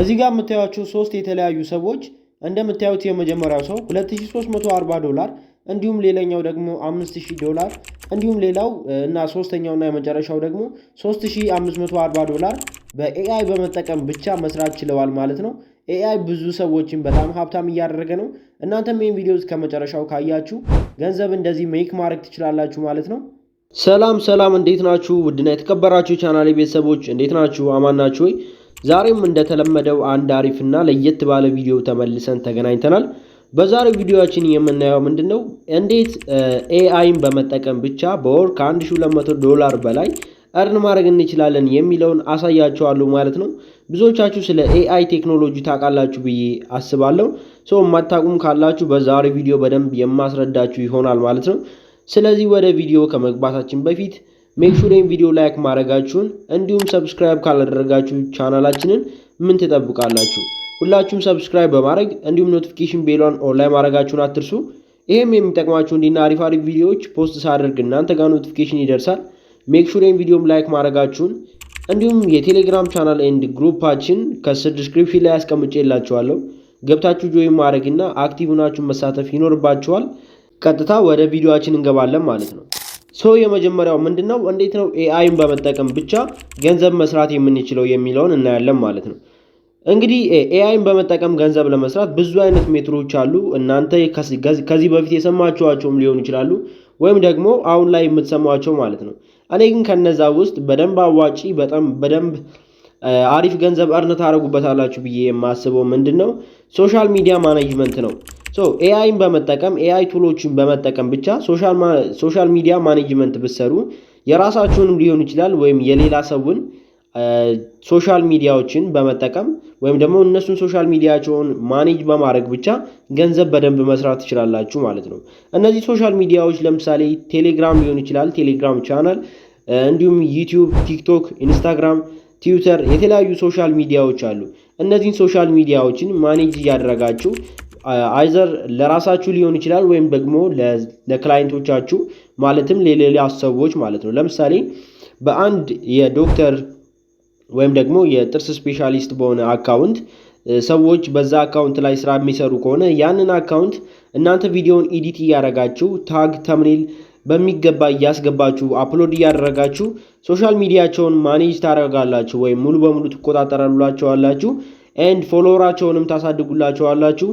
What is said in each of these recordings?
እዚህ ጋር የምታዩቸው ሶስት የተለያዩ ሰዎች እንደምታዩት የመጀመሪያው ሰው 2340 ዶላር እንዲሁም ሌላኛው ደግሞ 5000 ዶላር እንዲሁም ሌላው እና ሶስተኛው እና የመጨረሻው ደግሞ 3540 ዶላር በኤአይ በመጠቀም ብቻ መስራት ችለዋል ማለት ነው። ኤአይ ብዙ ሰዎችን በጣም ሀብታም እያደረገ ነው። እናንተም ይህን ቪዲዮ ከመጨረሻው ካያችሁ ገንዘብ እንደዚህ ሜክ ማድረግ ትችላላችሁ ማለት ነው። ሰላም ሰላም፣ እንዴት ናችሁ? ውድና የተከበራችሁ ቻናሌ ቤተሰቦች እንዴት ናችሁ? አማን ናችሁ ወይ? ዛሬም እንደተለመደው አንድ አሪፍና ለየት ባለ ቪዲዮ ተመልሰን ተገናኝተናል። በዛሬው ቪዲዮችን የምናየው ምንድን ነው? እንዴት ኤአይን በመጠቀም ብቻ በወር ከ1200 ዶላር በላይ እርን ማድረግ እንችላለን የሚለውን አሳያችኋለሁ ማለት ነው። ብዙዎቻችሁ ስለ ኤአይ ቴክኖሎጂ ታውቃላችሁ ብዬ አስባለሁ። ሰው የማታውቁም ካላችሁ በዛሬው ቪዲዮ በደንብ የማስረዳችሁ ይሆናል ማለት ነው። ስለዚህ ወደ ቪዲዮ ከመግባታችን በፊት ሜክ ሹር ቪዲዮ ላይክ ማድረጋችሁን እንዲሁም ሰብስክራይብ ካላደረጋችሁ ቻናላችንን ምን ትጠብቃላችሁ? ሁላችሁም ሰብስክራይብ በማድረግ እንዲሁም ኖቲፊኬሽን ቤሏን ላይ ማድረጋችሁን አትርሱ። ይህም የሚጠቅማችሁ እንዲና አሪፍ አሪፍ ቪዲዮዎች ፖስት ሳደርግ እናንተ ጋር ኖቲፊኬሽን ይደርሳል። ሜክ ሹር ቪዲዮም ላይክ ማድረጋችሁን እንዲሁም የቴሌግራም ቻናል ኤንድ ግሩፓችን ከስር ዲስክሪፕሽን ላይ አስቀምጬላችኋለሁ። ገብታችሁ ጆይን ማድረግና አክቲቭ ሆናችሁ መሳተፍ ይኖርባችኋል። ቀጥታ ወደ ቪዲዮአችን እንገባለን ማለት ነው። ሰው የመጀመሪያው ምንድነው? እንዴት ነው ኤአይን በመጠቀም ብቻ ገንዘብ መስራት የምንችለው የሚለውን እናያለን ማለት ነው። እንግዲህ ኤአይን በመጠቀም ገንዘብ ለመስራት ብዙ አይነት ሜትሮች አሉ። እናንተ ከዚህ በፊት የሰማችኋቸውም ሊሆኑ ይችላሉ ወይም ደግሞ አሁን ላይ የምትሰማቸው ማለት ነው። እኔ ግን ከነዛ ውስጥ በደንብ አዋጪ፣ በጣም በደንብ አሪፍ ገንዘብ እርን ታደርጉበታላችሁ ብዬ የማስበው ምንድን ነው ሶሻል ሚዲያ ማኔጅመንት ነው። ሶ ኤአይን በመጠቀም ኤአይ ቱሎችን በመጠቀም ብቻ ሶሻል ሚዲያ ማኔጅመንት ብሰሩ የራሳችሁንም ሊሆን ይችላል ወይም የሌላ ሰውን ሶሻል ሚዲያዎችን በመጠቀም ወይም ደግሞ እነሱን ሶሻል ሚዲያቸውን ማኔጅ በማድረግ ብቻ ገንዘብ በደንብ መስራት ትችላላችሁ ማለት ነው። እነዚህ ሶሻል ሚዲያዎች ለምሳሌ ቴሌግራም ሊሆን ይችላል፣ ቴሌግራም ቻናል፣ እንዲሁም ዩቲዩብ፣ ቲክቶክ፣ ኢንስታግራም ትዊተር የተለያዩ ሶሻል ሚዲያዎች አሉ። እነዚህን ሶሻል ሚዲያዎችን ማኔጅ እያደረጋችሁ አይዘር uh, ለራሳችሁ ሊሆን ይችላል ወይም ደግሞ ለክላይንቶቻችሁ ማለትም ለሌላ ሰዎች ማለት ነው። ለምሳሌ በአንድ የዶክተር ወይም ደግሞ የጥርስ ስፔሻሊስት በሆነ አካውንት ሰዎች በዛ አካውንት ላይ ስራ የሚሰሩ ከሆነ ያንን አካውንት እናንተ ቪዲዮውን ኢዲት እያደረጋችሁ ታግ ተምኔል በሚገባ እያስገባችሁ አፕሎድ እያደረጋችሁ ሶሻል ሚዲያቸውን ማኔጅ ታደርጋላችሁ ወይም ሙሉ በሙሉ ትቆጣጠራላችኋላችሁ። ኤንድ ፎሎወራቸውንም ታሳድጉላቸዋላችሁ።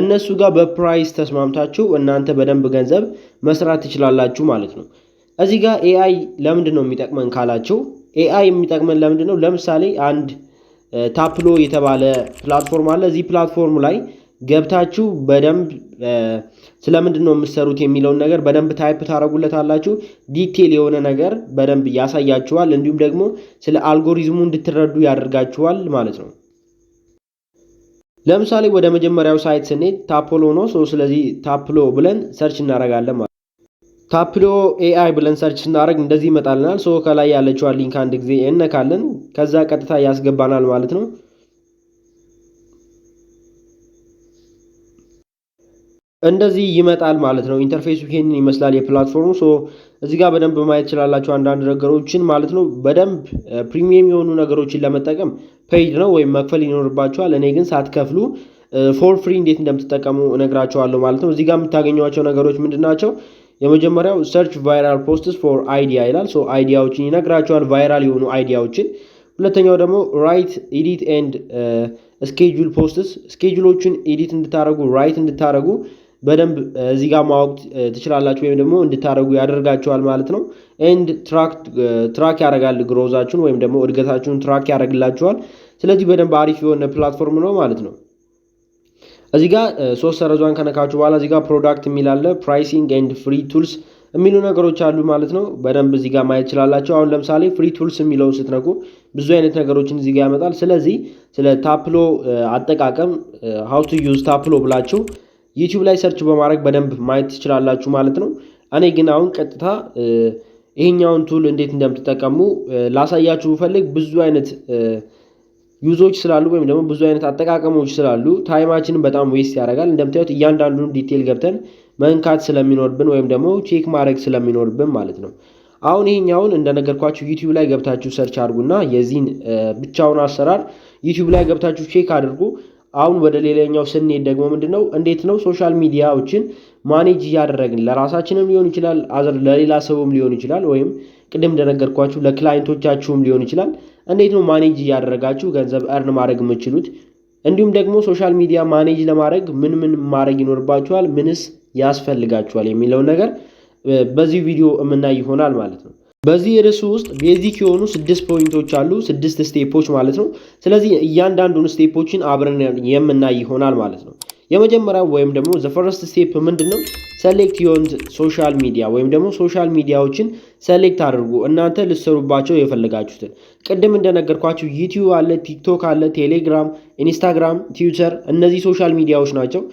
እነሱ ጋር በፕራይስ ተስማምታችሁ እናንተ በደንብ ገንዘብ መስራት ትችላላችሁ ማለት ነው። እዚህ ጋር ኤአይ ለምንድን ነው የሚጠቅመን ካላችሁ፣ ኤአይ የሚጠቅመን ለምንድን ነው? ለምሳሌ አንድ ታፕሎ የተባለ ፕላትፎርም አለ። እዚህ ፕላትፎርም ላይ ገብታችሁ በደንብ ስለምንድን ነው የምትሰሩት የሚለውን ነገር በደንብ ታይፕ ታደረጉለታላችሁ። ዲቴል የሆነ ነገር በደንብ ያሳያችኋል። እንዲሁም ደግሞ ስለ አልጎሪዝሙ እንድትረዱ ያደርጋችኋል ማለት ነው። ለምሳሌ ወደ መጀመሪያው ሳይት ስንሄድ ታፖሎ ነው። ሶ ስለዚህ ታፕሎ ብለን ሰርች እናደርጋለን ማለት ታፕሎ ኤአይ ብለን ሰርች ስናደርግ እንደዚህ ይመጣልናል። ሶ ከላይ ያለችዋን ሊንክ አንድ ጊዜ እነካለን። ከዛ ቀጥታ ያስገባናል ማለት ነው። እንደዚህ ይመጣል ማለት ነው። ኢንተርፌሱ ይሄንን ይመስላል የፕላትፎርሙ። ሶ እዚህ ጋር በደንብ ማየት ትችላላችሁ አንዳንድ ነገሮችን ማለት ነው። በደንብ ፕሪሚየም የሆኑ ነገሮችን ለመጠቀም ፔይድ ነው ወይም መክፈል ይኖርባቸዋል። እኔ ግን ሳትከፍሉ ፎር ፍሪ እንዴት እንደምትጠቀሙ እነግራቸዋለሁ ማለት ነው። እዚህ ጋር የምታገኟቸው ነገሮች ምንድን ናቸው? የመጀመሪያው ሰርች ቫይራል ፖስትስ ፎር አይዲያ ይላል። ሶ አይዲያዎችን ይነግራቸዋል፣ ቫይራል የሆኑ አይዲያዎችን። ሁለተኛው ደግሞ ራይት ኢዲት ኤንድ ስኬጁል ፖስትስ፣ ስኬጁሎችን ኢዲት እንድታደረጉ ራይት እንድታደረጉ በደንብ እዚህ ጋር ማወቅ ትችላላችሁ፣ ወይም ደግሞ እንድታደረጉ ያደርጋቸዋል ማለት ነው። ኤንድ ትራክ ያደርጋል ግሮዛችሁን ወይም ደግሞ እድገታችሁን ትራክ ያደርግላችኋል። ስለዚህ በደንብ አሪፍ የሆነ ፕላትፎርም ነው ማለት ነው። እዚህ ጋር ሶስት ሰረዟን ከነካችሁ በኋላ እዚህ ጋር ፕሮዳክት የሚላለ ፕራይሲንግ ኤንድ ፍሪ ቱልስ የሚሉ ነገሮች አሉ ማለት ነው። በደንብ እዚህ ጋር ማየት ይችላላቸው። አሁን ለምሳሌ ፍሪ ቱልስ የሚለውን ስትነኩ ብዙ አይነት ነገሮችን እዚህ ጋር ያመጣል። ስለዚህ ስለ ታፕሎ አጠቃቀም ሀው ቱ ዩዝ ታፕሎ ብላችሁ ዩቲዩብ ላይ ሰርች በማድረግ በደንብ ማየት ትችላላችሁ ማለት ነው። እኔ ግን አሁን ቀጥታ ይሄኛውን ቱል እንዴት እንደምትጠቀሙ ላሳያችሁ ብፈልግ ብዙ አይነት ዩዞች ስላሉ ወይም ደግሞ ብዙ አይነት አጠቃቀሞች ስላሉ ታይማችንን በጣም ዌስት ያደርጋል። እንደምታዩት እያንዳንዱን ዲቴል ገብተን መንካት ስለሚኖርብን ወይም ደግሞ ቼክ ማድረግ ስለሚኖርብን ማለት ነው። አሁን ይሄኛውን እንደነገርኳችሁ ዩቲዩብ ላይ ገብታችሁ ሰርች አድርጉና የዚህን ብቻውን አሰራር ዩቲዩብ ላይ ገብታችሁ ቼክ አድርጉ። አሁን ወደ ሌላኛው ስንሄድ ደግሞ ምንድን ነው እንዴት ነው ሶሻል ሚዲያዎችን ማኔጅ እያደረግን ለራሳችንም ሊሆን ይችላል፣ አዘር ለሌላ ሰውም ሊሆን ይችላል፣ ወይም ቅድም እንደነገርኳችሁ ለክላይንቶቻችሁም ሊሆን ይችላል። እንዴት ነው ማኔጅ እያደረጋችሁ ገንዘብ እርን ማድረግ የምችሉት? እንዲሁም ደግሞ ሶሻል ሚዲያ ማኔጅ ለማድረግ ምን ምን ማድረግ ይኖርባችኋል፣ ምንስ ያስፈልጋችኋል የሚለውን ነገር በዚህ ቪዲዮ የምናይ ይሆናል ማለት ነው። በዚህ ርዕስ ውስጥ ቤዚክ የሆኑ ስድስት ፖይንቶች አሉ፣ ስድስት ስቴፖች ማለት ነው። ስለዚህ እያንዳንዱን ስቴፖችን አብረን የምናይ ይሆናል ማለት ነው። የመጀመሪያው ወይም ደግሞ ዘፈረስት ስቴፕ ምንድን ነው? ሰሌክት ዮን ሶሻል ሚዲያ ወይም ደግሞ ሶሻል ሚዲያዎችን ሰሌክት አድርጉ፣ እናንተ ልትሰሩባቸው የፈለጋችሁትን። ቅድም እንደነገርኳችሁ ዩቲዩብ አለ፣ ቲክቶክ አለ፣ ቴሌግራም፣ ኢንስታግራም፣ ትዊተር እነዚህ ሶሻል ሚዲያዎች ናቸው።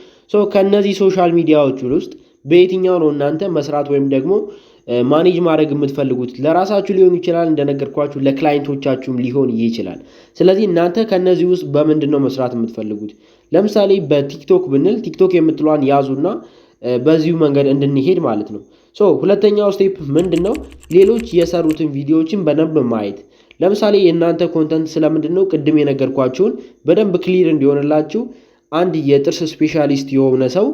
ከእነዚህ ሶሻል ሚዲያዎች ውስጥ በየትኛው ነው እናንተ መስራት ወይም ደግሞ ማኔጅ ማድረግ የምትፈልጉት ለራሳችሁ ሊሆን ይችላል፣ እንደነገርኳችሁ ለክላይንቶቻችሁም ሊሆን ይችላል። ስለዚህ እናንተ ከእነዚህ ውስጥ በምንድን ነው መስራት የምትፈልጉት? ለምሳሌ በቲክቶክ ብንል ቲክቶክ የምትሏን ያዙና በዚሁ መንገድ እንድንሄድ ማለት ነው። ሶ ሁለተኛው ስቴፕ ምንድን ነው? ሌሎች የሰሩትን ቪዲዮዎችን በደንብ ማየት። ለምሳሌ የእናንተ ኮንተንት ስለምንድን ነው ቅድም የነገርኳችሁን በደንብ ክሊር እንዲሆንላችሁ አንድ የጥርስ ስፔሻሊስት የሆነ ሰው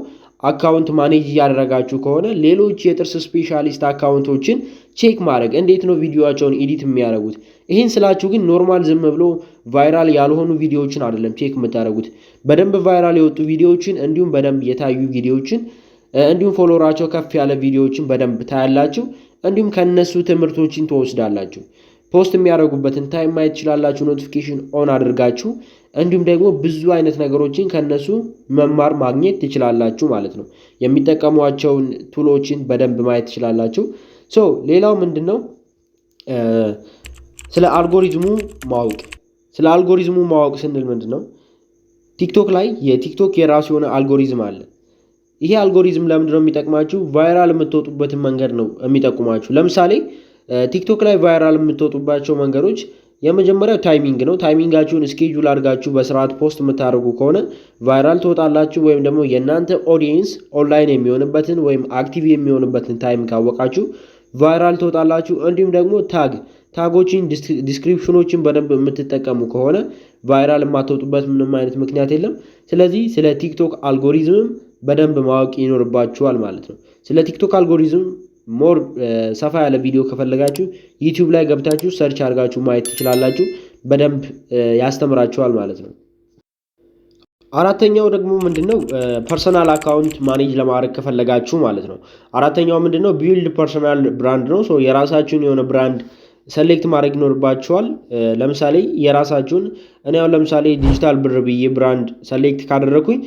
አካውንት ማኔጅ እያደረጋችሁ ከሆነ ሌሎች የጥርስ ስፔሻሊስት አካውንቶችን ቼክ ማድረግ እንዴት ነው ቪዲዮቸውን ኤዲት የሚያደርጉት። ይህን ስላችሁ ግን ኖርማል ዝም ብሎ ቫይራል ያልሆኑ ቪዲዮዎችን አይደለም ቼክ የምታደርጉት። በደንብ ቫይራል የወጡ ቪዲዮዎችን እንዲሁም በደንብ የታዩ ቪዲዮዎችን እንዲሁም ፎሎወራቸው ከፍ ያለ ቪዲዮዎችን በደንብ ታያላችሁ። እንዲሁም ከነሱ ትምህርቶችን ትወስዳላችሁ። ፖስት የሚያደርጉበትን ታይም ማየት ትችላላችሁ። ኖቲፊኬሽን ኦን አድርጋችሁ እንዲሁም ደግሞ ብዙ አይነት ነገሮችን ከነሱ መማር ማግኘት ትችላላችሁ ማለት ነው። የሚጠቀሟቸውን ቱሎችን በደንብ ማየት ትችላላችሁ። ሶ ሌላው ምንድን ነው? ስለ አልጎሪዝሙ ማወቅ። ስለ አልጎሪዝሙ ማወቅ ስንል ምንድን ነው? ቲክቶክ ላይ የቲክቶክ የራሱ የሆነ አልጎሪዝም አለ። ይሄ አልጎሪዝም ለምንድን ነው የሚጠቅማችሁ? ቫይራል የምትወጡበትን መንገድ ነው የሚጠቁማችሁ። ለምሳሌ ቲክቶክ ላይ ቫይራል የምትወጡባቸው መንገዶች የመጀመሪያው ታይሚንግ ነው። ታይሚንጋችሁን እስኬጁል አድርጋችሁ በስርዓት ፖስት የምታደርጉ ከሆነ ቫይራል ትወጣላችሁ። ወይም ደግሞ የእናንተ ኦዲየንስ ኦንላይን የሚሆንበትን ወይም አክቲቭ የሚሆንበትን ታይም ካወቃችሁ ቫይራል ትወጣላችሁ። እንዲሁም ደግሞ ታግ ታጎችን ዲስክሪፕሽኖችን በደንብ የምትጠቀሙ ከሆነ ቫይራል የማትወጡበት ምንም አይነት ምክንያት የለም። ስለዚህ ስለ ቲክቶክ አልጎሪዝምም በደንብ ማወቅ ይኖርባችኋል ማለት ነው። ስለ ቲክቶክ አልጎሪዝም ሞር ሰፋ ያለ ቪዲዮ ከፈለጋችሁ ዩቲዩብ ላይ ገብታችሁ ሰርች አድርጋችሁ ማየት ትችላላችሁ። በደንብ ያስተምራችኋል ማለት ነው። አራተኛው ደግሞ ምንድነው ፐርሰናል አካውንት ማኔጅ ለማድረግ ከፈለጋችሁ ማለት ነው። አራተኛው ምንድነው ቢልድ ፐርሰናል ብራንድ ነው። የራሳችሁን የሆነ ብራንድ ሰሌክት ማድረግ ይኖርባችኋል። ለምሳሌ የራሳችሁን እኔ አሁን ለምሳሌ ዲጂታል ብር ብዬ ብራንድ ሰሌክት ካደረኩኝ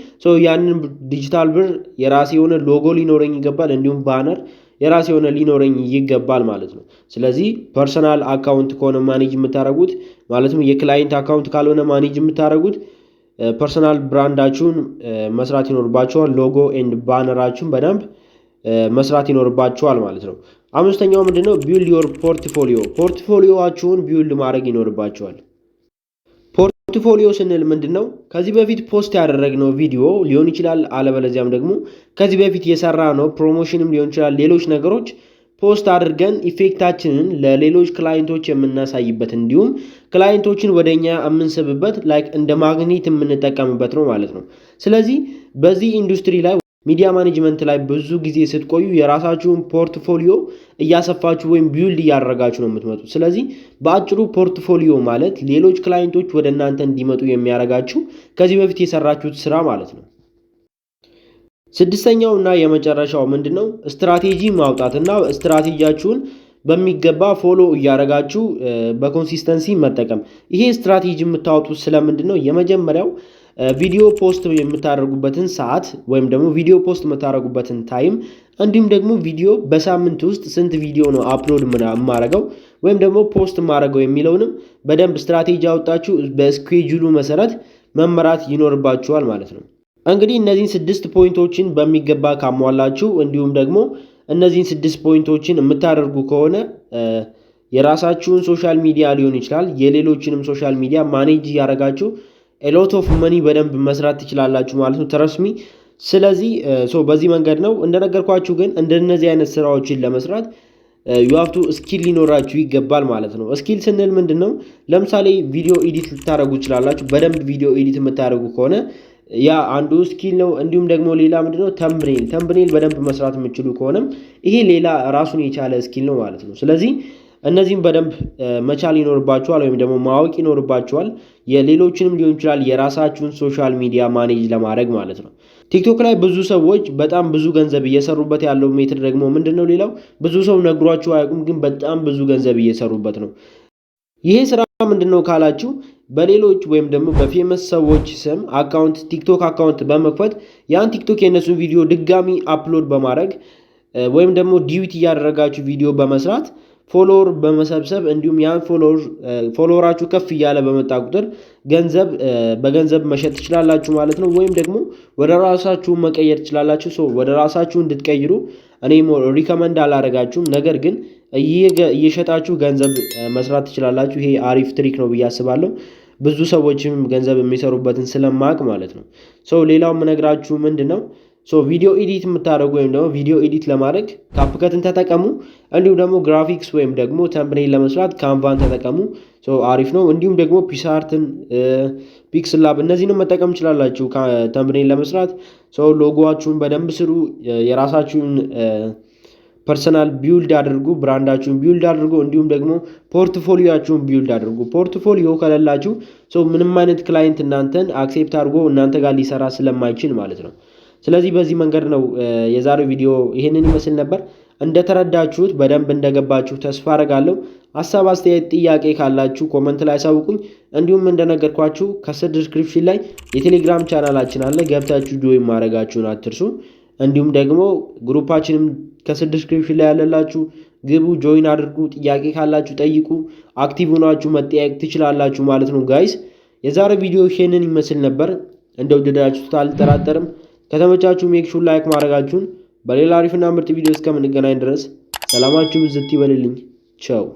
ያንን ዲጂታል ብር የራሴ የሆነ ሎጎ ሊኖረኝ ይገባል፣ እንዲሁም ባነር የራሴ የሆነ ሊኖረኝ ይገባል ማለት ነው። ስለዚህ ፐርሰናል አካውንት ከሆነ ማኔጅ የምታደርጉት ማለትም የክላይንት አካውንት ካልሆነ ማኔጅ የምታደርጉት ፐርሰናል ብራንዳችሁን መስራት ይኖርባችኋል። ሎጎ ኤንድ ባነራችሁን በደንብ መስራት ይኖርባችኋል ማለት ነው። አምስተኛው ምንድነው? ቢውልድ ዮር ፖርትፎሊዮ ፖርትፎሊዮዋችሁን ቢውልድ ማድረግ ይኖርባችኋል። ፖርትፎሊዮ ስንል ምንድን ነው? ከዚህ በፊት ፖስት ያደረግነው ቪዲዮ ሊሆን ይችላል። አለበለዚያም ደግሞ ከዚህ በፊት የሰራ ነው ፕሮሞሽንም ሊሆን ይችላል። ሌሎች ነገሮች ፖስት አድርገን ኢፌክታችንን ለሌሎች ክላይንቶች የምናሳይበት እንዲሁም ክላይንቶችን ወደ እኛ የምንስብበት ላይክ እንደ ማግኒት የምንጠቀምበት ነው ማለት ነው። ስለዚህ በዚህ ኢንዱስትሪ ላይ ሚዲያ ማኔጅመንት ላይ ብዙ ጊዜ ስትቆዩ የራሳችሁን ፖርትፎሊዮ እያሰፋችሁ ወይም ቢውልድ እያደረጋችሁ ነው የምትመጡት። ስለዚህ በአጭሩ ፖርትፎሊዮ ማለት ሌሎች ክላይንቶች ወደ እናንተ እንዲመጡ የሚያደርጋችሁ ከዚህ በፊት የሰራችሁት ስራ ማለት ነው። ስድስተኛው እና የመጨረሻው ምንድን ነው? ስትራቴጂ ማውጣት እና ስትራቴጂያችሁን በሚገባ ፎሎ እያደረጋችሁ በኮንሲስተንሲ መጠቀም። ይሄ ስትራቴጂ የምታወጡት ስለምንድን ነው? የመጀመሪያው ቪዲዮ ፖስት የምታደርጉበትን ሰዓት ወይም ደግሞ ቪዲዮ ፖስት የምታደርጉበትን ታይም እንዲሁም ደግሞ ቪዲዮ በሳምንት ውስጥ ስንት ቪዲዮ ነው አፕሎድ የማረገው ወይም ደግሞ ፖስት የማረገው የሚለውንም በደንብ ስትራቴጂ አወጣችሁ በስኬጁሉ መሰረት መመራት ይኖርባችኋል ማለት ነው። እንግዲህ እነዚህን ስድስት ፖይንቶችን በሚገባ ካሟላችሁ እንዲሁም ደግሞ እነዚህን ስድስት ፖይንቶችን የምታደርጉ ከሆነ የራሳችሁን ሶሻል ሚዲያ ሊሆን ይችላል የሌሎችንም ሶሻል ሚዲያ ማኔጅ እያደረጋችሁ ኤሎት ኦፍ መኒ በደንብ መስራት ትችላላችሁ ማለት ነው። ተረስሚ ስለዚህ uh, በዚህ መንገድ ነው እንደነገርኳችሁ። ግን እንደነዚህ አይነት ስራዎችን ለመስራት ዩሀፍቱ uh, ስኪል ሊኖራችሁ ይገባል ማለት ነው። ስኪል ስንል ምንድን ነው? ለምሳሌ ቪዲዮ ኤዲት ልታደረጉ ይችላላችሁ። በደንብ ቪዲዮ ኤዲት የምታደርጉ ከሆነ ያ አንዱ ስኪል ነው። እንዲሁም ደግሞ ሌላ ምንድነው? ተምብኔል ተምብኔል በደንብ መስራት የምችሉ ከሆነም ይሄ ሌላ ራሱን የቻለ ስኪል ነው ማለት ነው። ስለዚህ እነዚህም በደንብ መቻል ይኖርባችኋል ወይም ደግሞ ማወቅ ይኖርባችኋል። የሌሎችንም ሊሆን ይችላል የራሳችሁን ሶሻል ሚዲያ ማኔጅ ለማድረግ ማለት ነው። ቲክቶክ ላይ ብዙ ሰዎች በጣም ብዙ ገንዘብ እየሰሩበት ያለው ሜትር ደግሞ ምንድን ነው? ሌላው ብዙ ሰው ነግሯችሁ አያውቁም፣ ግን በጣም ብዙ ገንዘብ እየሰሩበት ነው። ይሄ ስራ ምንድን ነው ካላችሁ በሌሎች ወይም ደግሞ በፌመስ ሰዎች ስም አካውንት ቲክቶክ አካውንት በመክፈት ያን ቲክቶክ የእነሱን ቪዲዮ ድጋሚ አፕሎድ በማድረግ ወይም ደግሞ ዲዩቲ እያደረጋችሁ ቪዲዮ በመስራት ፎሎወር በመሰብሰብ እንዲሁም ያን ፎሎወራችሁ ከፍ እያለ በመጣ ቁጥር ገንዘብ በገንዘብ መሸጥ ትችላላችሁ ማለት ነው። ወይም ደግሞ ወደ ራሳችሁ መቀየር ትችላላችሁ። ሰው ወደ ራሳችሁ እንድትቀይሩ እኔ ሪከመንድ አላደረጋችሁም ነገር ግን እየሸጣችሁ ገንዘብ መስራት ትችላላችሁ። ይሄ አሪፍ ትሪክ ነው ብዬ አስባለሁ። ብዙ ሰዎችም ገንዘብ የሚሰሩበትን ስለማቅ ማለት ነው። ሰው ሌላው የምነግራችሁ ምንድን ነው ሶ ቪዲዮ ኤዲት የምታደርጉ ወይም ደግሞ ቪዲዮ ኤዲት ለማድረግ ካፕከትን ተጠቀሙ። እንዲሁም ደግሞ ግራፊክስ ወይም ደግሞ ተምብኔል ለመስራት ካንቫን ተጠቀሙ። ሶ አሪፍ ነው። እንዲሁም ደግሞ ፒሳርትን፣ ፒክስላብ ላብ እነዚህንም መጠቀም ትችላላችሁ ተምብኔል ለመስራት። ሶ ሎጎዋችሁን በደንብ ስሩ። የራሳችሁን ፐርሰናል ቢውልድ አድርጉ። ብራንዳችሁን ቢውልድ አድርጉ። እንዲሁም ደግሞ ፖርትፎሊዮችሁን ቢውልድ አድርጉ። ፖርትፎሊዮ ከሌላችሁ ምንም አይነት ክላይንት እናንተን አክሴፕት አድርጎ እናንተ ጋር ሊሰራ ስለማይችል ማለት ነው። ስለዚህ በዚህ መንገድ ነው የዛሬው ቪዲዮ ይህንን ይመስል ነበር። እንደተረዳችሁት በደንብ እንደገባችሁ ተስፋ አደርጋለሁ። ሀሳብ፣ አስተያየት፣ ጥያቄ ካላችሁ ኮመንት ላይ አሳውቁኝ። እንዲሁም እንደነገርኳችሁ ከስር ዲስክሪፕሽን ላይ የቴሌግራም ቻናላችን አለ፣ ገብታችሁ ጆይን ማድረጋችሁን አትርሱ። እንዲሁም ደግሞ ግሩፓችንም ከስር ዲስክሪፕሽን ላይ ያለላችሁ ግቡ፣ ጆይን አድርጉ። ጥያቄ ካላችሁ ጠይቁ። አክቲቭ ሆናችሁ መጠያየቅ ትችላላችሁ ማለት ነው። ጋይስ የዛሬው ቪዲዮ ይሄንን ይመስል ነበር። እንደወደዳችሁት አልጠራጠርም። ከተመቻችሁ ሜክ ሹር ላይክ ማድረጋችሁን። በሌላ አሪፍና ምርጥ ቪዲዮ እስከምንገናኝ ድረስ ሰላማችሁ ብዝት ይበልልኝ። ቸው